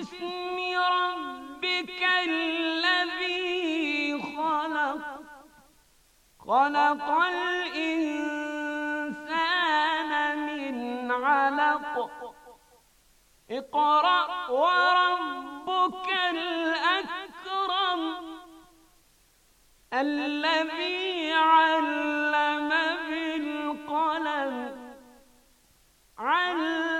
ربك الذي خلق خلق الإنسان من علق اقرأ وربك الأكرم الذي علم بالقلم علم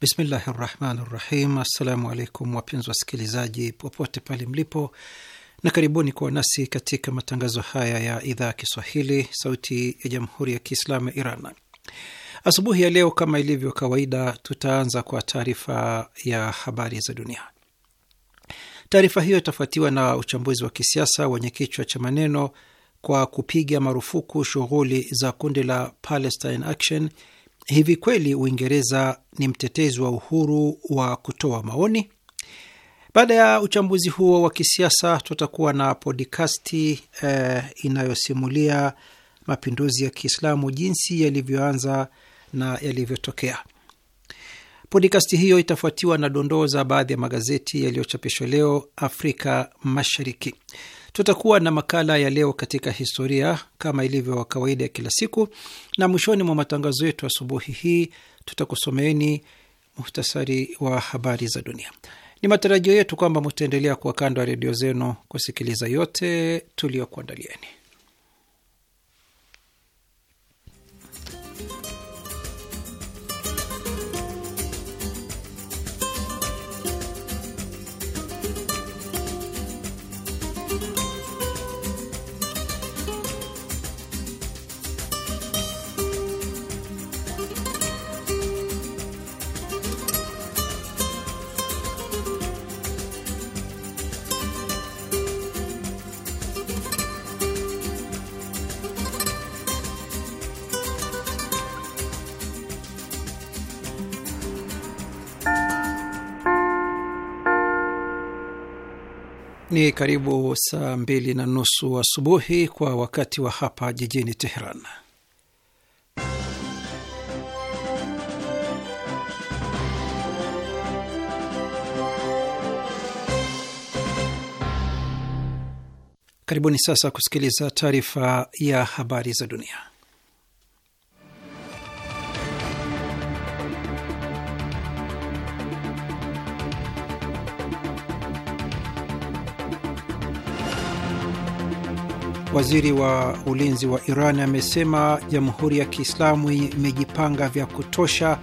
Bismillahi rahmani rahim. Assalamu alaikum wapenzi wasikilizaji popote pale mlipo, na karibuni kuwa nasi katika matangazo haya ya idhaa ya Kiswahili sauti ya jamhuri ya Kiislamu ya Iran. Asubuhi ya leo, kama ilivyo kawaida, tutaanza kwa taarifa ya habari za dunia. Taarifa hiyo itafuatiwa na uchambuzi wa kisiasa wenye kichwa cha maneno kwa kupiga marufuku shughuli za kundi la Palestine Action Hivi kweli Uingereza ni mtetezi wa uhuru wa kutoa maoni? Baada ya uchambuzi huo wa kisiasa, tutakuwa na podikasti eh, inayosimulia mapinduzi ya Kiislamu jinsi yalivyoanza na yalivyotokea. Podikasti hiyo itafuatiwa na dondoo za baadhi ya magazeti yaliyochapishwa leo Afrika Mashariki. Tutakuwa na makala ya leo katika historia kama ilivyo kawaida ya kila siku, na mwishoni mwa matangazo yetu asubuhi hii tutakusomeeni muhtasari wa habari za dunia. Ni matarajio yetu kwamba mutaendelea kuwa kando ya redio zenu kusikiliza yote tuliyokuandalieni. Ni karibu saa mbili na nusu asubuhi wa kwa wakati wa hapa jijini Teheran. Karibuni sasa kusikiliza taarifa ya habari za dunia. Waziri wa ulinzi wa Iran amesema jamhuri ya Kiislamu imejipanga vya kutosha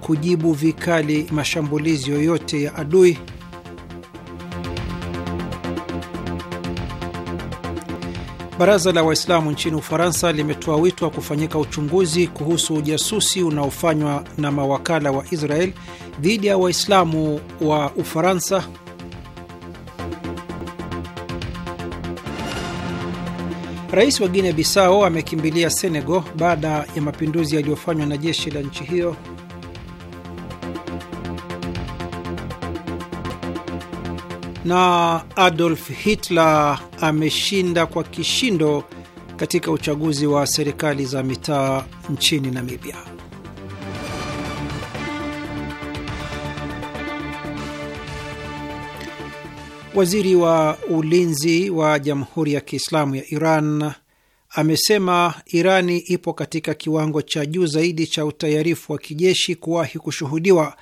kujibu vikali mashambulizi yoyote ya adui. Baraza la Waislamu nchini Ufaransa limetoa wito wa kufanyika uchunguzi kuhusu ujasusi unaofanywa na mawakala wa Israel dhidi ya Waislamu wa Ufaransa. Rais wa Guinea Bissau amekimbilia Senegal baada ya mapinduzi yaliyofanywa na jeshi la nchi hiyo. Na Adolf Hitler ameshinda kwa kishindo katika uchaguzi wa serikali za mitaa nchini Namibia. Waziri wa ulinzi wa Jamhuri ya Kiislamu ya Iran amesema Irani ipo katika kiwango cha juu zaidi cha utayarifu wa kijeshi kuwahi kushuhudiwa,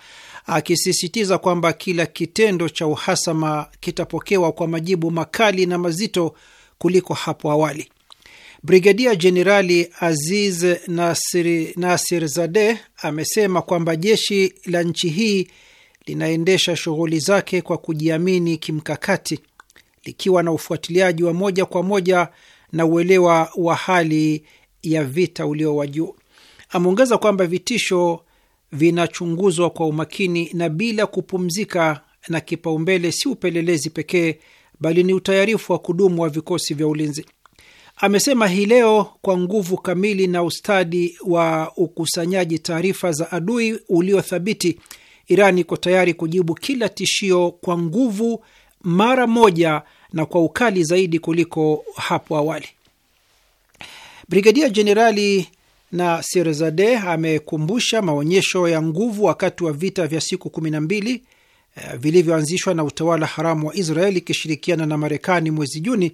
akisisitiza kwamba kila kitendo cha uhasama kitapokewa kwa majibu makali na mazito kuliko hapo awali. Brigedia Jenerali Aziz Nasir, Nasir Zadeh amesema kwamba jeshi la nchi hii linaendesha shughuli zake kwa kujiamini kimkakati, likiwa na ufuatiliaji wa moja kwa moja na uelewa wa hali ya vita ulio wa juu. Ameongeza kwamba vitisho vinachunguzwa kwa umakini na bila kupumzika, na kipaumbele si upelelezi pekee, bali ni utayarifu wa kudumu wa vikosi vya ulinzi. Amesema hii leo, kwa nguvu kamili na ustadi wa ukusanyaji taarifa za adui uliothabiti, Iran iko tayari kujibu kila tishio kwa nguvu mara moja na kwa ukali zaidi kuliko hapo awali. Brigadia Jenerali na Sirzade amekumbusha maonyesho ya nguvu wakati wa vita vya siku kumi na mbili eh, vilivyoanzishwa na utawala haramu wa israel ikishirikiana na Marekani mwezi Juni,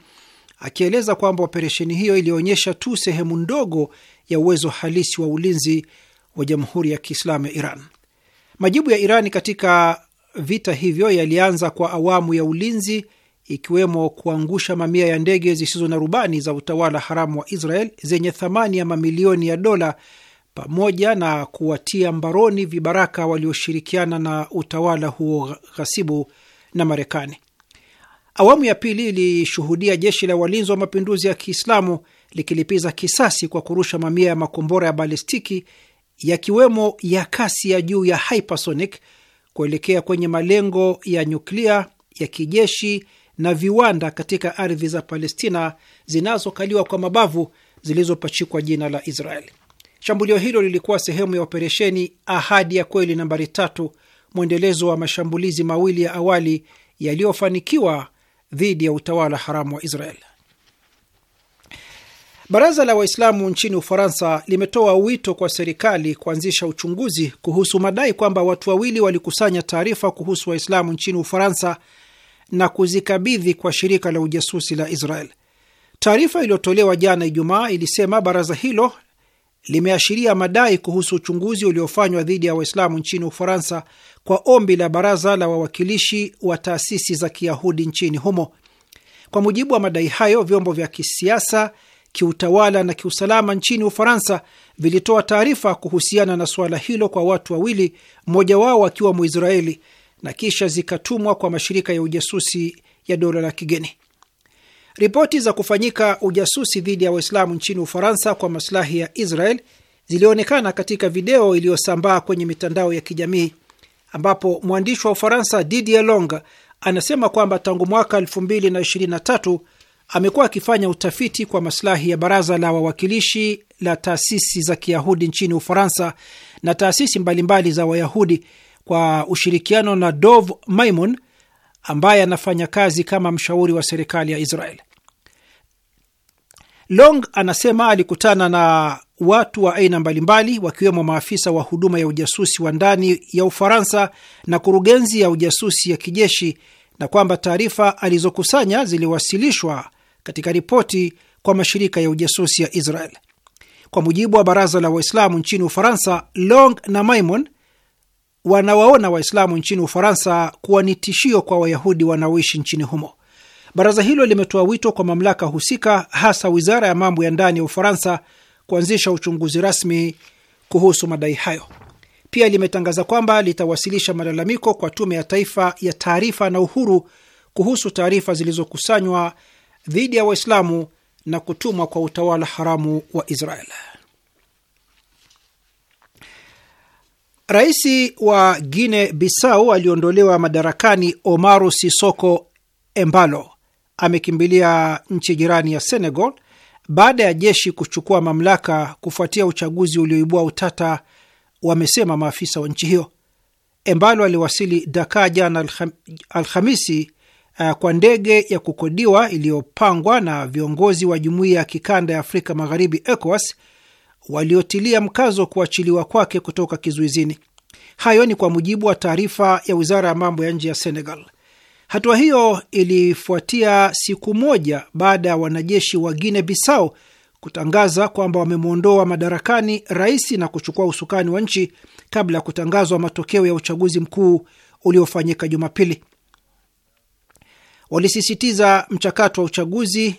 akieleza kwamba operesheni hiyo ilionyesha tu sehemu ndogo ya uwezo halisi wa ulinzi wa Jamhuri ya Kiislamu ya Iran. Majibu ya Irani katika vita hivyo yalianza kwa awamu ya ulinzi, ikiwemo kuangusha mamia ya ndege zisizo na rubani za utawala haramu wa Israel zenye thamani ya mamilioni ya dola pamoja na kuwatia mbaroni vibaraka walioshirikiana na utawala huo ghasibu na Marekani. Awamu ya pili ilishuhudia jeshi la walinzi wa mapinduzi ya Kiislamu likilipiza kisasi kwa kurusha mamia ya makombora ya balistiki yakiwemo ya kasi ya juu ya hypersonic kuelekea kwenye malengo ya nyuklia, ya kijeshi na viwanda katika ardhi za Palestina zinazokaliwa kwa mabavu zilizopachikwa jina la israel Shambulio hilo lilikuwa sehemu ya operesheni Ahadi ya Kweli nambari tatu, mwendelezo wa mashambulizi mawili ya awali yaliyofanikiwa dhidi ya utawala haramu wa Israel. Baraza la Waislamu nchini Ufaransa limetoa wito kwa serikali kuanzisha uchunguzi kuhusu madai kwamba watu wawili walikusanya taarifa kuhusu Waislamu nchini Ufaransa na kuzikabidhi kwa shirika la ujasusi la Israel. Taarifa iliyotolewa jana Ijumaa ilisema baraza hilo limeashiria madai kuhusu uchunguzi uliofanywa dhidi ya Waislamu nchini Ufaransa kwa ombi la baraza la wawakilishi wa taasisi za Kiyahudi nchini humo. Kwa mujibu wa madai hayo, vyombo vya kisiasa kiutawala na kiusalama nchini Ufaransa vilitoa taarifa kuhusiana na suala hilo kwa watu wawili, mmoja wao akiwa Mwisraeli, na kisha zikatumwa kwa mashirika ya ujasusi ya dola la kigeni. Ripoti za kufanyika ujasusi dhidi ya Waislamu nchini Ufaransa kwa masilahi ya Israel zilionekana katika video iliyosambaa kwenye mitandao ya kijamii ambapo mwandishi wa Ufaransa Didier Long anasema kwamba tangu mwaka 2023 amekuwa akifanya utafiti kwa masilahi ya baraza la wawakilishi la taasisi za Kiyahudi nchini Ufaransa na taasisi mbalimbali za Wayahudi kwa ushirikiano na Dov Maimon ambaye anafanya kazi kama mshauri wa serikali ya Israel. Long anasema alikutana na watu wa aina mbalimbali wakiwemo maafisa wa huduma ya ujasusi wa ndani ya Ufaransa na kurugenzi ya ujasusi ya kijeshi na kwamba taarifa alizokusanya ziliwasilishwa katika ripoti kwa mashirika ya ujasusi ya Israel. Kwa mujibu wa baraza la Waislamu nchini Ufaransa, Long na Maimon wanawaona Waislamu nchini Ufaransa kuwa ni tishio kwa Wayahudi wanaoishi nchini humo. Baraza hilo limetoa wito kwa mamlaka husika, hasa wizara ya mambo ya ndani ya Ufaransa, kuanzisha uchunguzi rasmi kuhusu madai hayo. Pia limetangaza kwamba litawasilisha malalamiko kwa Tume ya Taifa ya Taarifa na Uhuru kuhusu taarifa zilizokusanywa dhidi ya Waislamu na kutumwa kwa utawala haramu wa Israel. Rais wa guine Bissau aliondolewa madarakani Omaru Sisoko Embalo amekimbilia nchi jirani ya Senegal baada ya jeshi kuchukua mamlaka kufuatia uchaguzi ulioibua utata, wamesema maafisa wa nchi hiyo. Embalo aliwasili Dakar jana Alhamisi Uh, kwa ndege ya kukodiwa iliyopangwa na viongozi wa jumuiya ya kikanda ya Afrika Magharibi, ECOWAS, waliotilia mkazo kuachiliwa kwake kutoka kizuizini. Hayo ni kwa mujibu wa taarifa ya wizara ya mambo ya nje ya Senegal. Hatua hiyo ilifuatia siku moja baada ya wanajeshi wa Guinea Bissau kutangaza kwamba wamemwondoa madarakani rais na kuchukua usukani wa nchi kabla ya kutangazwa matokeo ya uchaguzi mkuu uliofanyika Jumapili. Walisisitiza mchakato wa uchaguzi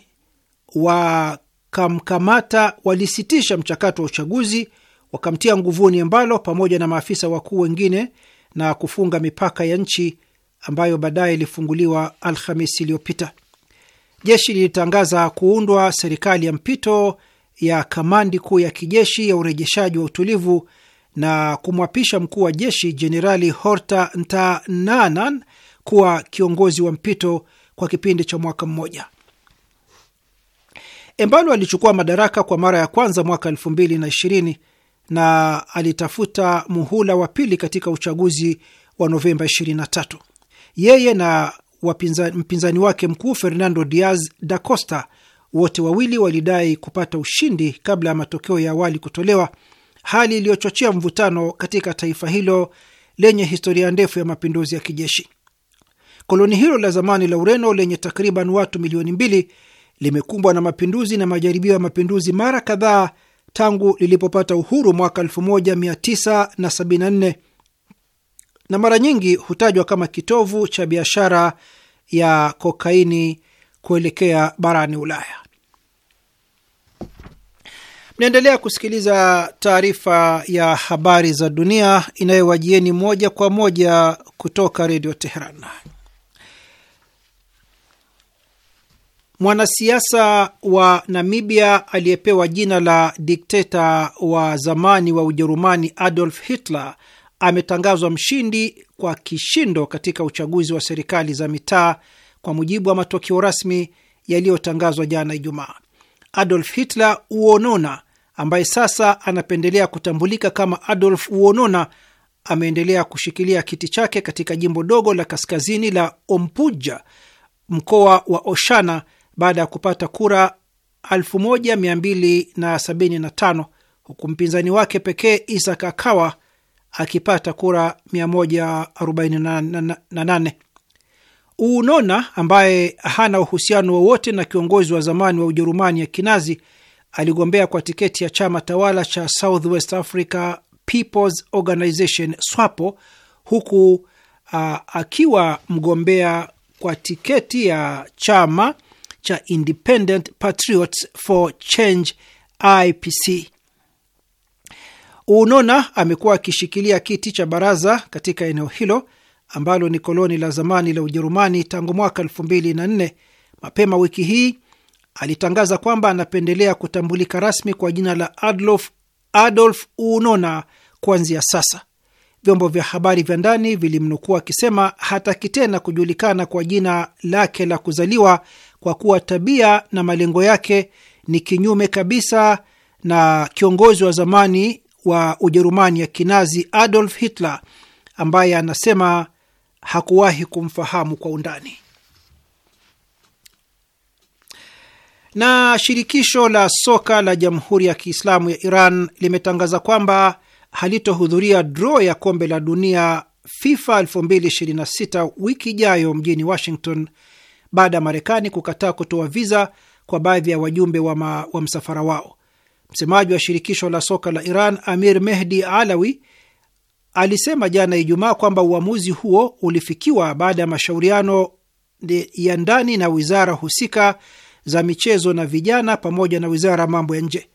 wakamkamata, walisitisha mchakato wa uchaguzi wakamtia nguvuni Embalo pamoja na maafisa wakuu wengine na kufunga mipaka ya nchi ambayo baadaye ilifunguliwa Alhamisi iliyopita. Jeshi lilitangaza kuundwa serikali ya mpito ya kamandi kuu ya kijeshi ya urejeshaji wa utulivu na kumwapisha mkuu wa jeshi Jenerali Horta Ntananan kuwa kiongozi wa mpito kwa kipindi cha mwaka mmoja. Embalo alichukua madaraka kwa mara ya kwanza mwaka elfu mbili na ishirini na alitafuta muhula wa pili katika uchaguzi wa Novemba 23. Yeye na wapinza, mpinzani wake mkuu Fernando Diaz da Costa wote wawili walidai kupata ushindi kabla ya matokeo ya awali kutolewa, hali iliyochochea mvutano katika taifa hilo lenye historia ndefu ya mapinduzi ya kijeshi. Koloni hilo la zamani la Ureno lenye takriban watu milioni mbili limekumbwa na mapinduzi na majaribio ya mapinduzi mara kadhaa tangu lilipopata uhuru mwaka 1974 na mara nyingi hutajwa kama kitovu cha biashara ya kokaini kuelekea barani Ulaya. Mnaendelea kusikiliza taarifa ya habari za dunia inayowajieni moja kwa moja kutoka Redio Teheran. Mwanasiasa wa Namibia aliyepewa jina la dikteta wa zamani wa Ujerumani Adolf Hitler ametangazwa mshindi kwa kishindo katika uchaguzi wa serikali za mitaa kwa mujibu wa matokeo rasmi yaliyotangazwa jana Ijumaa. Adolf Hitler Uonona, ambaye sasa anapendelea kutambulika kama Adolf Uonona, ameendelea kushikilia kiti chake katika jimbo dogo la kaskazini la Ompuja, mkoa wa Oshana baada ya kupata kura 1275 huku mpinzani wake pekee Isaac Akawa akipata kura 148. uunona ambaye hana uhusiano wowote na kiongozi wa zamani wa Ujerumani ya Kinazi aligombea kwa tiketi ya chama tawala cha Southwest Africa People's Organization SWAPO, huku uh, akiwa mgombea kwa tiketi ya chama cha Independent Patriots for Change IPC. Unona amekuwa akishikilia kiti cha baraza katika eneo hilo ambalo ni koloni la zamani la Ujerumani tangu mwaka 2004. Mapema wiki hii alitangaza kwamba anapendelea kutambulika rasmi kwa jina la Adolf, Adolf Unona kuanzia sasa. Vyombo vya habari vya ndani vilimnukuu akisema hataki tena kujulikana kwa jina lake la kuzaliwa kwa kuwa tabia na malengo yake ni kinyume kabisa na kiongozi wa zamani wa Ujerumani ya kinazi Adolf Hitler ambaye anasema hakuwahi kumfahamu kwa undani. Na shirikisho la soka la Jamhuri ya Kiislamu ya Iran limetangaza kwamba halitohudhuria draw ya kombe la dunia FIFA 2026 wiki ijayo mjini Washington baada ya Marekani kukataa kutoa viza kwa baadhi ya wajumbe wa, ma, wa msafara wao. Msemaji wa shirikisho la soka la Iran Amir Mehdi Alawi alisema jana Ijumaa kwamba uamuzi huo ulifikiwa baada ya mashauriano ya ndani na wizara husika za michezo na vijana pamoja na wizara ya mambo ya nje.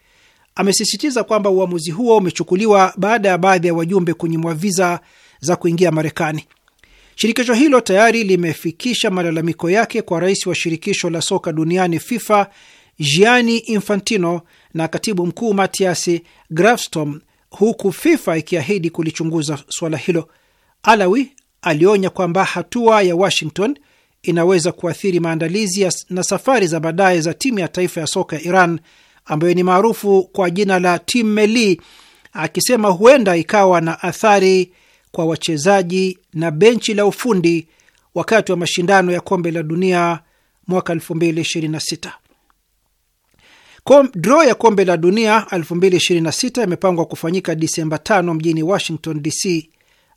Amesisitiza kwamba uamuzi huo umechukuliwa baada ya baadhi ya wajumbe kunyimwa viza za kuingia Marekani. Shirikisho hilo tayari limefikisha malalamiko yake kwa rais wa shirikisho la soka duniani FIFA Gianni Infantino na katibu mkuu Matias Grafstom, huku FIFA ikiahidi kulichunguza suala hilo. Alawi alionya kwamba hatua ya Washington inaweza kuathiri maandalizi na safari za baadaye za timu ya taifa ya soka ya Iran ambayo ni maarufu kwa jina la Tim Meli, akisema huenda ikawa na athari kwa wachezaji na benchi la ufundi wakati wa mashindano ya kombe la dunia mwaka 2026. Draw ya kombe la dunia 2026 imepangwa kufanyika Disemba 5 mjini Washington DC.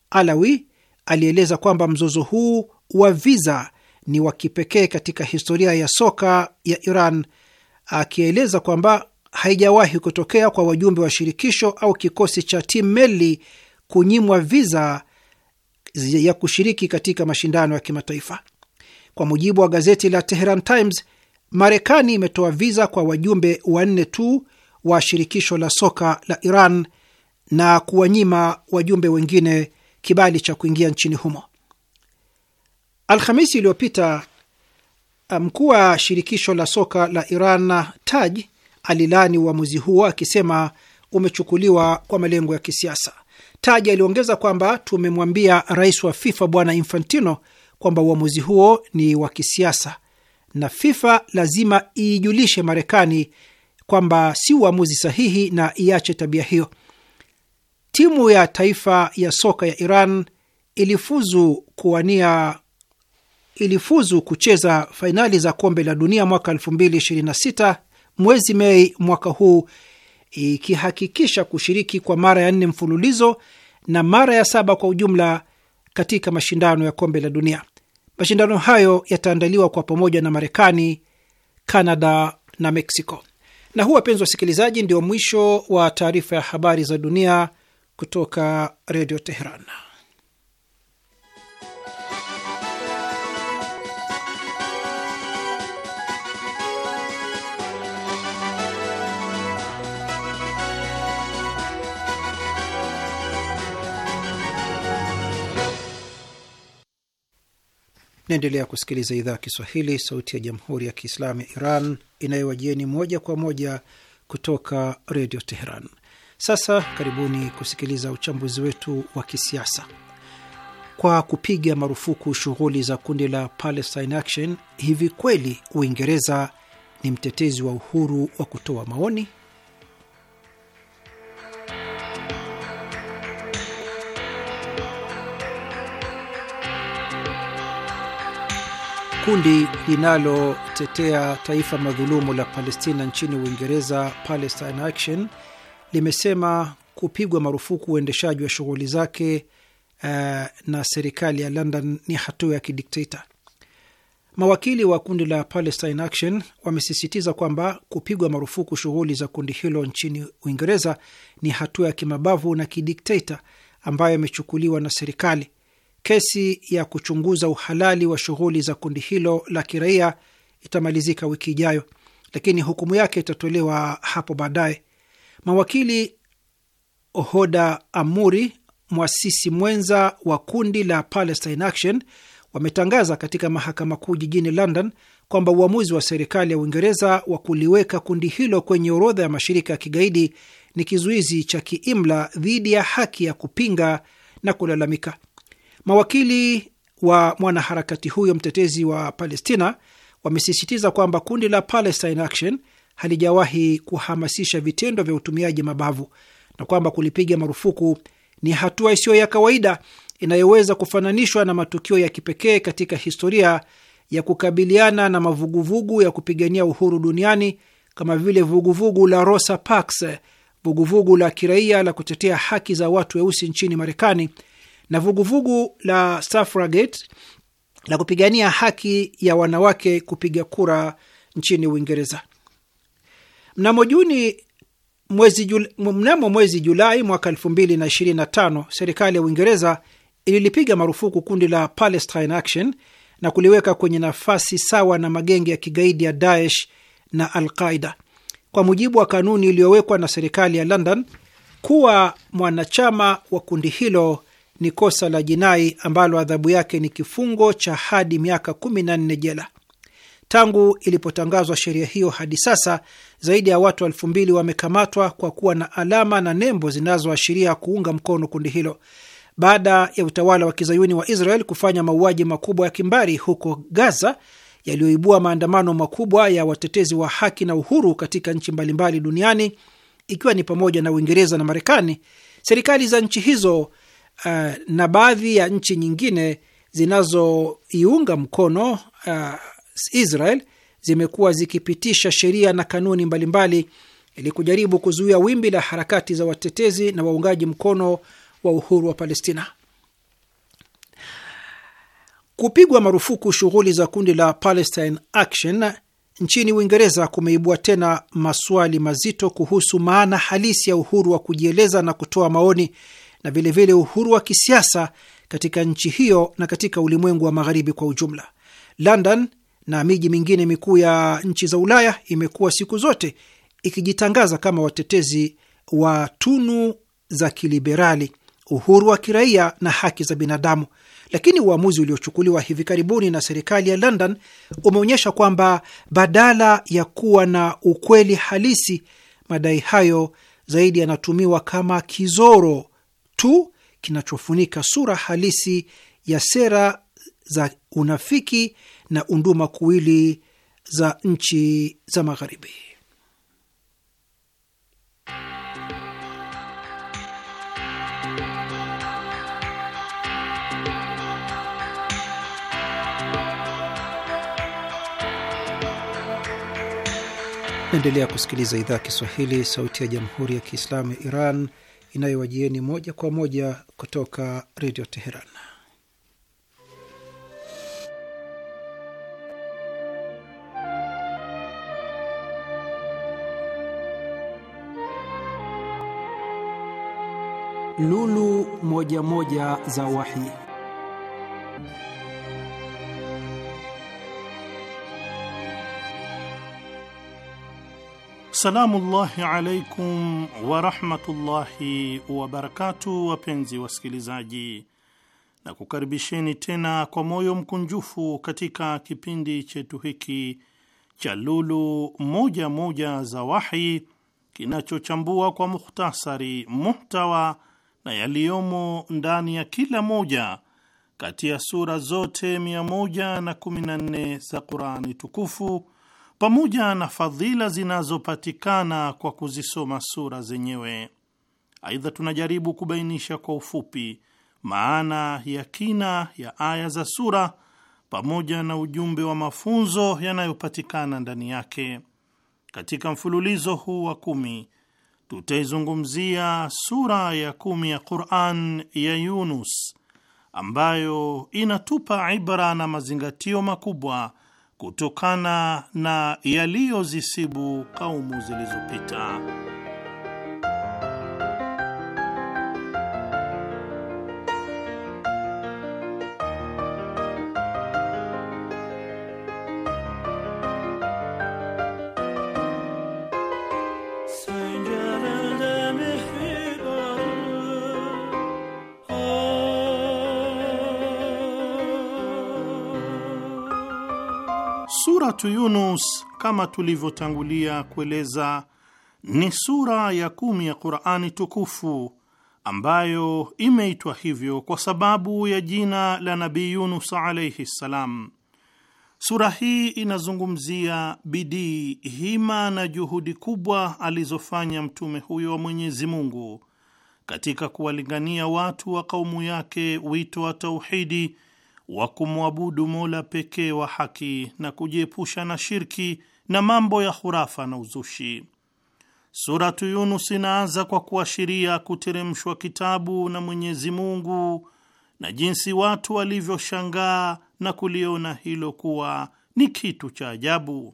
Alawi alieleza kwamba mzozo huu wa viza ni wa kipekee katika historia ya soka ya Iran, akieleza kwamba haijawahi kutokea kwa wajumbe wa shirikisho au kikosi cha timu meli kunyimwa viza ya kushiriki katika mashindano ya kimataifa. Kwa mujibu wa gazeti la Teheran Times, Marekani imetoa viza kwa wajumbe wanne tu wa shirikisho la soka la Iran na kuwanyima wajumbe wengine kibali cha kuingia nchini humo. Alhamisi iliyopita uh, mkuu wa shirikisho la soka la Iran Taj alilani uamuzi huo akisema umechukuliwa kwa malengo ya kisiasa. Taji aliongeza kwamba tumemwambia rais wa FIFA Bwana Infantino kwamba uamuzi huo ni wa kisiasa na FIFA lazima iijulishe Marekani kwamba si uamuzi sahihi na iache tabia hiyo. Timu ya taifa ya soka ya Iran ilifuzu kuwania ilifuzu kucheza fainali za kombe la dunia mwaka 2026 mwezi Mei mwaka huu ikihakikisha kushiriki kwa mara ya nne mfululizo na mara ya saba kwa ujumla katika mashindano ya kombe la dunia. Mashindano hayo yataandaliwa kwa pamoja na Marekani, Kanada na Meksiko. Na huu, wapenzi wasikilizaji, ndio mwisho wa taarifa ya habari za dunia kutoka Redio Teheran. Naendelea kusikiliza idhaa ya Kiswahili, sauti ya jamhuri ya kiislamu ya Iran inayowajieni moja kwa moja kutoka redio Teheran. Sasa karibuni kusikiliza uchambuzi wetu wa kisiasa. Kwa kupiga marufuku shughuli za kundi la Palestine Action, hivi kweli Uingereza ni mtetezi wa uhuru wa kutoa maoni? kundi linalotetea taifa madhulumu la Palestina nchini Uingereza, Palestine Action, limesema kupigwa marufuku uendeshaji wa shughuli zake uh, na serikali ya London ni hatua ya kidikteta. Mawakili wa kundi la Palestine Action wamesisitiza kwamba kupigwa marufuku shughuli za kundi hilo nchini Uingereza ni hatua ya kimabavu na kidikteta ambayo imechukuliwa na serikali Kesi ya kuchunguza uhalali wa shughuli za kundi hilo la kiraia itamalizika wiki ijayo, lakini hukumu yake itatolewa hapo baadaye. Mawakili Hoda Amuri, mwasisi mwenza wa kundi la Palestine Action, wametangaza katika mahakama kuu jijini London kwamba uamuzi wa serikali ya Uingereza wa kuliweka kundi hilo kwenye orodha ya mashirika ya kigaidi ni kizuizi cha kiimla dhidi ya haki ya kupinga na kulalamika. Mawakili wa mwanaharakati huyo mtetezi wa Palestina wamesisitiza kwamba kundi la Palestine Action halijawahi kuhamasisha vitendo vya utumiaji mabavu na kwamba kulipiga marufuku ni hatua isiyo ya kawaida inayoweza kufananishwa na matukio ya kipekee katika historia ya kukabiliana na mavuguvugu ya kupigania uhuru duniani kama vile vuguvugu la Rosa Parks, vuguvugu la kiraia la kutetea haki za watu weusi nchini Marekani na vuguvugu vugu la suffragette la kupigania haki ya wanawake kupiga kura nchini Uingereza. Mnamo Juni mwezi Jul, mnamo mwezi Julai mwaka 2025 serikali ya Uingereza ililipiga marufuku kundi la Palestine Action na kuliweka kwenye nafasi sawa na magenge ya kigaidi ya Daesh na Al-Qaida. Kwa mujibu wa kanuni iliyowekwa na serikali ya London, kuwa mwanachama wa kundi hilo ni kosa la jinai ambalo adhabu yake ni kifungo cha hadi miaka kumi na nne jela. Tangu ilipotangazwa sheria hiyo hadi sasa zaidi ya watu elfu mbili wamekamatwa kwa kuwa na alama na nembo zinazoashiria kuunga mkono kundi hilo baada ya utawala wa kizayuni wa Israel kufanya mauaji makubwa ya kimbari huko Gaza yaliyoibua maandamano makubwa ya watetezi wa haki na uhuru katika nchi mbalimbali duniani ikiwa ni pamoja na Uingereza na Marekani. Serikali za nchi hizo uh, na baadhi ya nchi nyingine zinazoiunga mkono uh, Israel zimekuwa zikipitisha sheria na kanuni mbalimbali ili kujaribu kuzuia wimbi la harakati za watetezi na waungaji mkono wa uhuru wa Palestina. Kupigwa marufuku shughuli za kundi la Palestine Action nchini Uingereza kumeibua tena maswali mazito kuhusu maana halisi ya uhuru wa kujieleza na kutoa maoni na vilevile vile uhuru wa kisiasa katika nchi hiyo na katika ulimwengu wa magharibi kwa ujumla. London na miji mingine mikuu ya nchi za Ulaya imekuwa siku zote ikijitangaza kama watetezi wa tunu za kiliberali, uhuru wa kiraia na haki za binadamu, lakini uamuzi uliochukuliwa hivi karibuni na serikali ya London umeonyesha kwamba badala ya kuwa na ukweli halisi, madai hayo zaidi yanatumiwa kama kizoro tu kinachofunika sura halisi ya sera za unafiki na unduma kuwili za nchi za Magharibi. Naendelea kusikiliza idhaa ya Kiswahili, sauti ya jamhuri ya kiislamu ya Iran inayowajieni moja kwa moja kutoka Redio Teheran. Lulu moja moja za Wahi. Assalamu llahi alaikum warahmatullahi wabarakatu, wapenzi wasikilizaji, na kukaribisheni tena kwa moyo mkunjufu katika kipindi chetu hiki cha Lulu Moja Moja za Wahi kinachochambua kwa mukhtasari muhtawa na yaliyomo ndani ya kila moja kati ya sura zote 114 za Qurani tukufu pamoja na fadhila zinazopatikana kwa kuzisoma sura zenyewe. Aidha, tunajaribu kubainisha kwa ufupi maana ya kina ya aya za sura pamoja na ujumbe wa mafunzo yanayopatikana ndani yake. Katika mfululizo huu wa kumi tutaizungumzia sura ya kumi ya Quran ya Yunus ambayo inatupa ibra na mazingatio makubwa kutokana na yaliyozisibu kaumu zilizopita. Suratu Yunus, kama tulivyotangulia kueleza, ni sura ya kumi ya Qur'ani tukufu ambayo imeitwa hivyo kwa sababu ya jina la Nabii Yunus alaihi ssalam. Sura hii inazungumzia bidii, hima na juhudi kubwa alizofanya mtume huyo wa Mwenyezi Mungu katika kuwalingania watu wa kaumu yake wito wa tauhidi wa kumwabudu Mola pekee wa haki na kujiepusha na shirki na mambo ya hurafa na uzushi. Suratu Yunus inaanza kwa kuashiria kuteremshwa kitabu na Mwenyezi Mungu na jinsi watu walivyoshangaa na kuliona hilo kuwa ni kitu cha ajabu.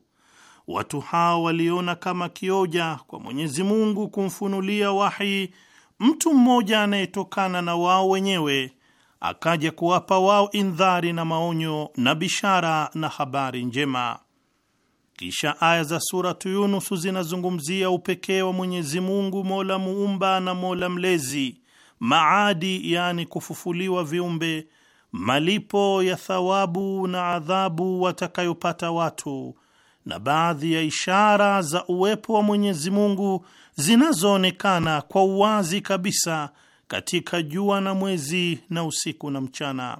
Watu hao waliona kama kioja kwa Mwenyezi Mungu kumfunulia wahi mtu mmoja anayetokana na wao wenyewe akaja kuwapa wao indhari na maonyo na bishara na habari njema. Kisha aya za Suratu Yunusu zinazungumzia upekee wa Mwenyezi Mungu, mola muumba na mola mlezi, maadi yani kufufuliwa viumbe, malipo ya thawabu na adhabu watakayopata watu, na baadhi ya ishara za uwepo wa Mwenyezi Mungu zinazoonekana kwa uwazi kabisa katika jua na mwezi na usiku na mchana.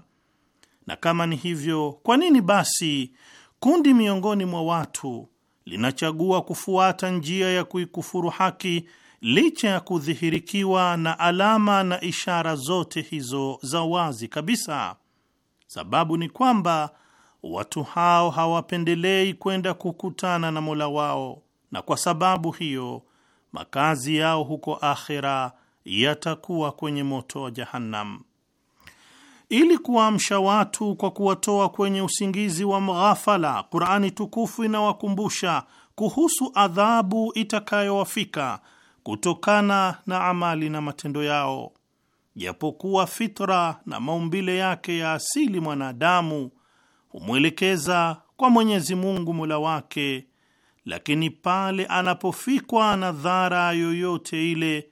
Na kama ni hivyo, kwa nini basi kundi miongoni mwa watu linachagua kufuata njia ya kuikufuru haki licha ya kudhihirikiwa na alama na ishara zote hizo za wazi kabisa? Sababu ni kwamba watu hao hawapendelei kwenda kukutana na Mola wao, na kwa sababu hiyo makazi yao huko akhera yatakuwa kwenye moto wa Jahannam. Ili kuwaamsha watu kwa kuwatoa kwenye usingizi wa mghafala, Qur'ani tukufu inawakumbusha kuhusu adhabu itakayowafika kutokana na amali na matendo yao. Japokuwa fitra na maumbile yake ya asili mwanadamu humwelekeza kwa Mwenyezi Mungu Mola wake, lakini pale anapofikwa na dhara yoyote ile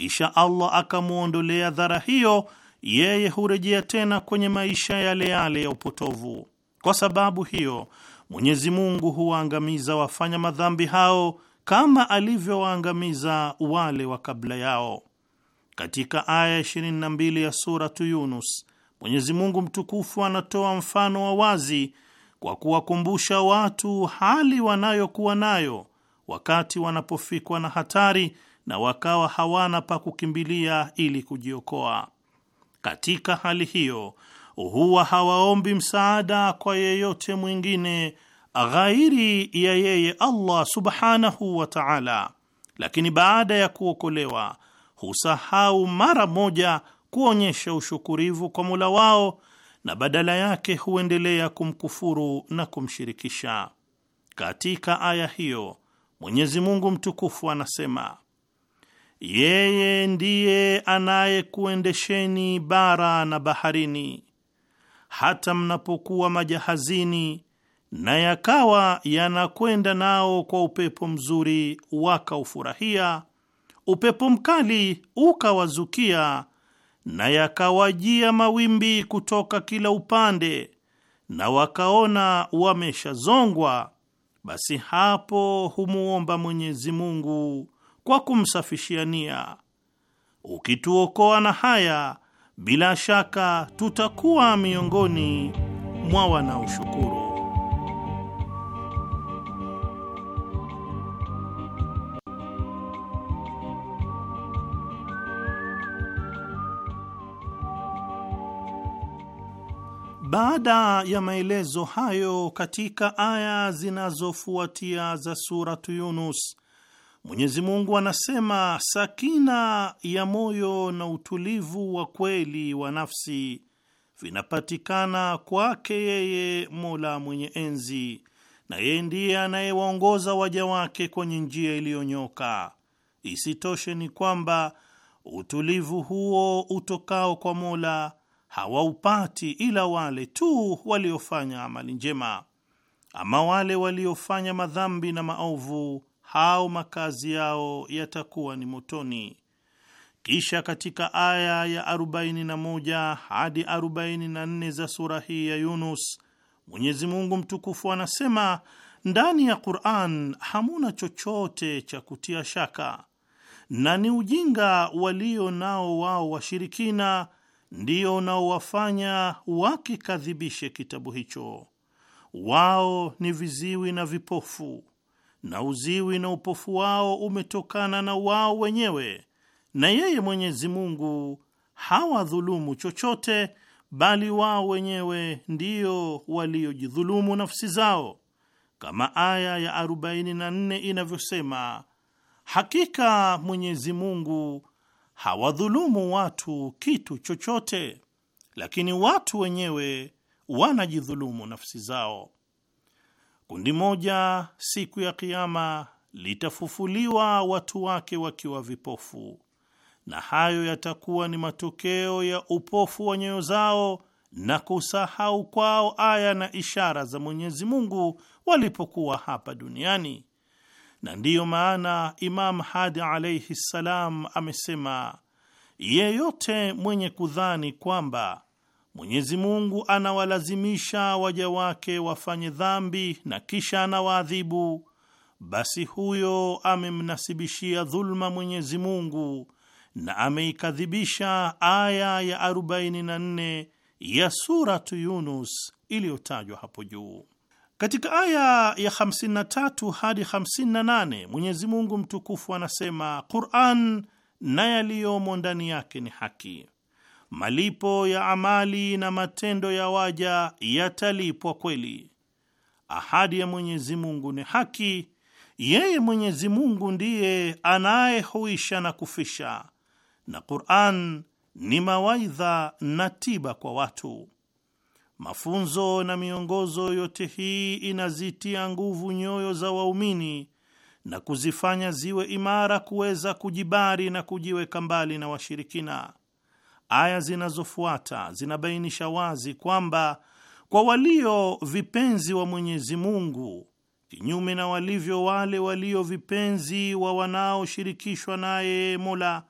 kisha Allah akamwondolea dhara hiyo, yeye hurejea tena kwenye maisha yale yale ya upotovu. Kwa sababu hiyo Mwenyezi Mungu huwaangamiza wafanya madhambi hao kama alivyowaangamiza wale wa kabla yao. Katika aya 22 ya suratu Yunus, Mwenyezi Mungu mtukufu anatoa mfano wa wazi kwa kuwakumbusha watu hali wanayokuwa nayo wakati wanapofikwa na hatari na wakawa hawana pa kukimbilia ili kujiokoa. Katika hali hiyo, huwa hawaombi msaada kwa yeyote mwingine ghairi ya yeye Allah subhanahu wa ta'ala, lakini baada ya kuokolewa husahau mara moja kuonyesha ushukurivu kwa mula wao na badala yake huendelea kumkufuru na kumshirikisha. Katika aya hiyo Mwenyezi Mungu mtukufu anasema: yeye ndiye anayekuendesheni bara na baharini, hata mnapokuwa majahazini, na yakawa yanakwenda nao kwa upepo mzuri, wakaufurahia; upepo mkali ukawazukia, na yakawajia mawimbi kutoka kila upande, na wakaona wameshazongwa, basi hapo humuomba Mwenyezi Mungu kwa kumsafishia nia. Ukituokoa na haya, bila shaka tutakuwa miongoni mwa wanaoshukuru. Baada ya maelezo hayo katika aya zinazofuatia za Suratu Yunus, Mwenyezi Mungu anasema sakina ya moyo na utulivu wa kweli wa nafsi vinapatikana kwake yeye Mola mwenye enzi, na yeye ndiye anayewaongoza waja wake kwenye njia iliyonyoka. Isitoshe ni kwamba utulivu huo utokao kwa Mola hawaupati ila wale tu waliofanya amali njema. Ama wale waliofanya madhambi na maovu hao makazi yao yatakuwa ni motoni. Kisha katika aya ya 41 hadi 44 za sura hii ya Yunus, Mwenyezi Mungu mtukufu anasema ndani ya Qur'an hamuna chochote cha kutia shaka, na ni ujinga walio nao wao washirikina ndio unaowafanya wakikadhibishe kitabu hicho. Wao ni viziwi na vipofu na uziwi na upofu wao umetokana na wao wenyewe, na yeye Mwenyezi Mungu hawadhulumu chochote, bali wao wenyewe ndio waliojidhulumu nafsi zao, kama aya ya 44 inavyosema, hakika Mwenyezi Mungu hawadhulumu watu kitu chochote, lakini watu wenyewe wanajidhulumu nafsi zao. Kundi moja siku ya Kiama litafufuliwa watu wake wakiwa vipofu, na hayo yatakuwa ni matokeo ya upofu wa nyoyo zao na kusahau kwao aya na ishara za Mwenyezi Mungu walipokuwa hapa duniani. Na ndiyo maana Imam Hadi alaihi ssalam amesema, yeyote mwenye kudhani kwamba Mwenyezi Mungu anawalazimisha waja wake wafanye dhambi na kisha anawaadhibu, basi huyo amemnasibishia dhulma Mwenyezi Mungu na ameikadhibisha aya ya 44 ya Suratu Yunus iliyotajwa hapo juu. Katika aya ya 53 hadi 58 Mwenyezi Mungu mtukufu anasema, Qur'an na yaliyomo ndani yake ni haki malipo ya amali na matendo ya waja yatalipwa kweli. Ahadi ya Mwenyezi Mungu ni haki. Yeye Mwenyezi Mungu ndiye anayehuisha na kufisha, na Qur'an ni mawaidha na tiba kwa watu. Mafunzo na miongozo yote hii inazitia nguvu nyoyo za waumini na kuzifanya ziwe imara kuweza kujibari na kujiweka mbali na washirikina. Aya zinazofuata zinabainisha wazi kwamba kwa walio vipenzi wa Mwenyezi Mungu, kinyume na walivyo wale walio vipenzi wa wanaoshirikishwa naye Mola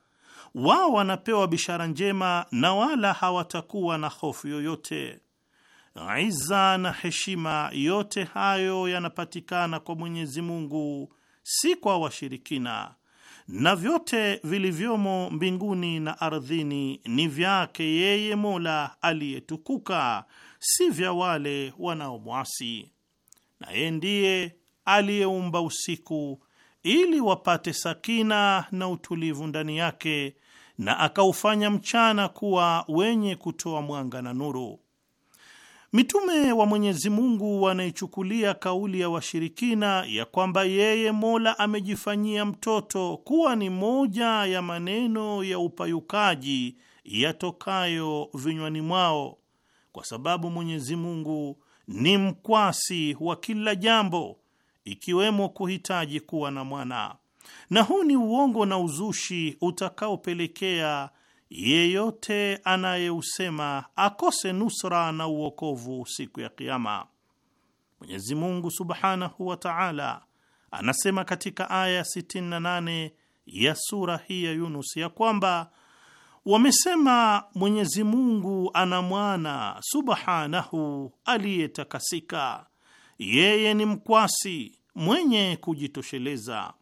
wao, wanapewa bishara njema na wala hawatakuwa na hofu yoyote. Iza na heshima yote hayo yanapatikana kwa Mwenyezi Mungu, si kwa washirikina na vyote vilivyomo mbinguni na ardhini ni vyake yeye Mola aliyetukuka, si vya wale wanaomwasi. Na yeye ndiye aliyeumba usiku ili wapate sakina na utulivu ndani yake, na akaufanya mchana kuwa wenye kutoa mwanga na nuru. Mitume wa Mwenyezi Mungu wanaichukulia kauli ya washirikina ya kwamba yeye Mola amejifanyia mtoto kuwa ni moja ya maneno ya upayukaji yatokayo vinywani mwao, kwa sababu Mwenyezi Mungu ni mkwasi wa kila jambo, ikiwemo kuhitaji kuwa na mwana, na huu ni uongo na uzushi utakaopelekea yeyote anayeusema akose nusra na uokovu siku ya Kiama. Mwenyezi Mungu subhanahu wa taala anasema katika aya 68 ya sura hii ya Yunus ya kwamba wamesema Mwenyezi Mungu ana mwana subhanahu, aliyetakasika, yeye ni mkwasi mwenye kujitosheleza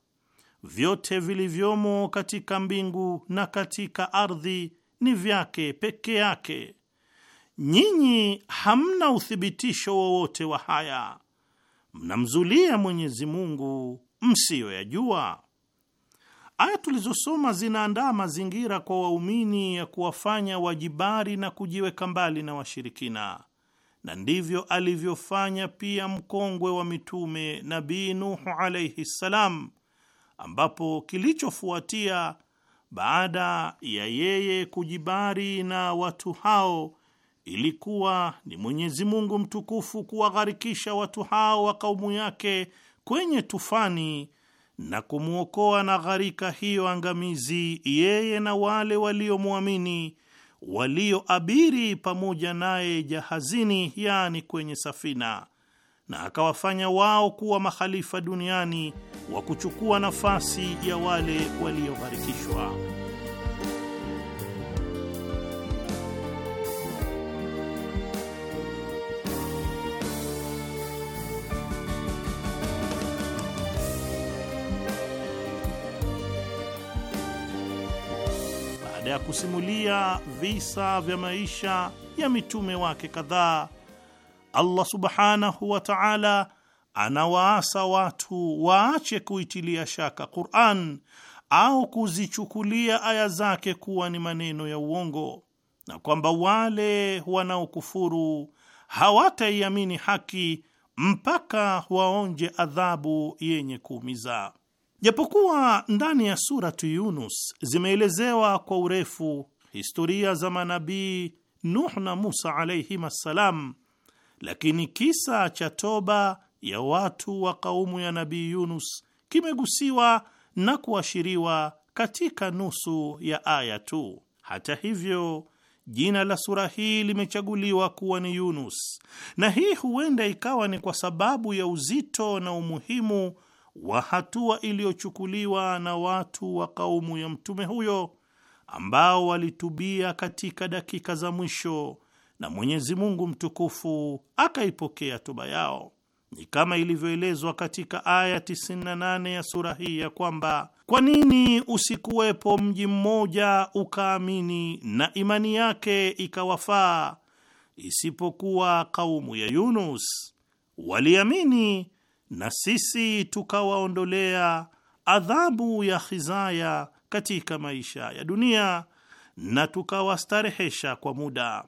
vyote vilivyomo katika mbingu na katika ardhi ni vyake peke yake. Nyinyi hamna uthibitisho wowote wa haya, mnamzulia Mwenyezi Mungu msiyoyajua. Aya tulizosoma zinaandaa mazingira kwa waumini ya kuwafanya wajibari na kujiweka mbali na washirikina, na ndivyo alivyofanya pia mkongwe wa mitume Nabii Nuhu alaihi ssalam ambapo kilichofuatia baada ya yeye kujibari na watu hao ilikuwa ni Mwenyezi Mungu mtukufu kuwagharikisha watu hao wa kaumu yake kwenye tufani na kumwokoa na gharika hiyo angamizi, yeye na wale waliomwamini walioabiri pamoja naye jahazini, yaani kwenye safina na akawafanya wao kuwa makhalifa duniani wa kuchukua nafasi ya wale waliobarikishwa. Baada ya kusimulia visa vya maisha ya mitume wake kadhaa Allah subhanahu wa ta'ala anawaasa watu waache kuitilia shaka Qur'an au kuzichukulia aya zake kuwa ni maneno ya uongo na kwamba wale wanaokufuru hawataiamini haki mpaka waonje adhabu yenye kuumiza. Japokuwa ndani ya suratu Yunus zimeelezewa kwa urefu historia za manabii Nuh na Musa alayhim assalam lakini kisa cha toba ya watu wa kaumu ya Nabii Yunus kimegusiwa na kuashiriwa katika nusu ya aya tu. Hata hivyo, jina la sura hii limechaguliwa kuwa ni Yunus, na hii huenda ikawa ni kwa sababu ya uzito na umuhimu wa hatua iliyochukuliwa na watu wa kaumu ya mtume huyo ambao walitubia katika dakika za mwisho na Mwenyezi Mungu mtukufu akaipokea toba yao. Ni kama ilivyoelezwa katika aya 98 ya sura hii ya kwamba kwa nini usikuwepo mji mmoja ukaamini na imani yake ikawafaa, isipokuwa kaumu ya Yunus? Waliamini na sisi tukawaondolea adhabu ya khizaya katika maisha ya dunia na tukawastarehesha kwa muda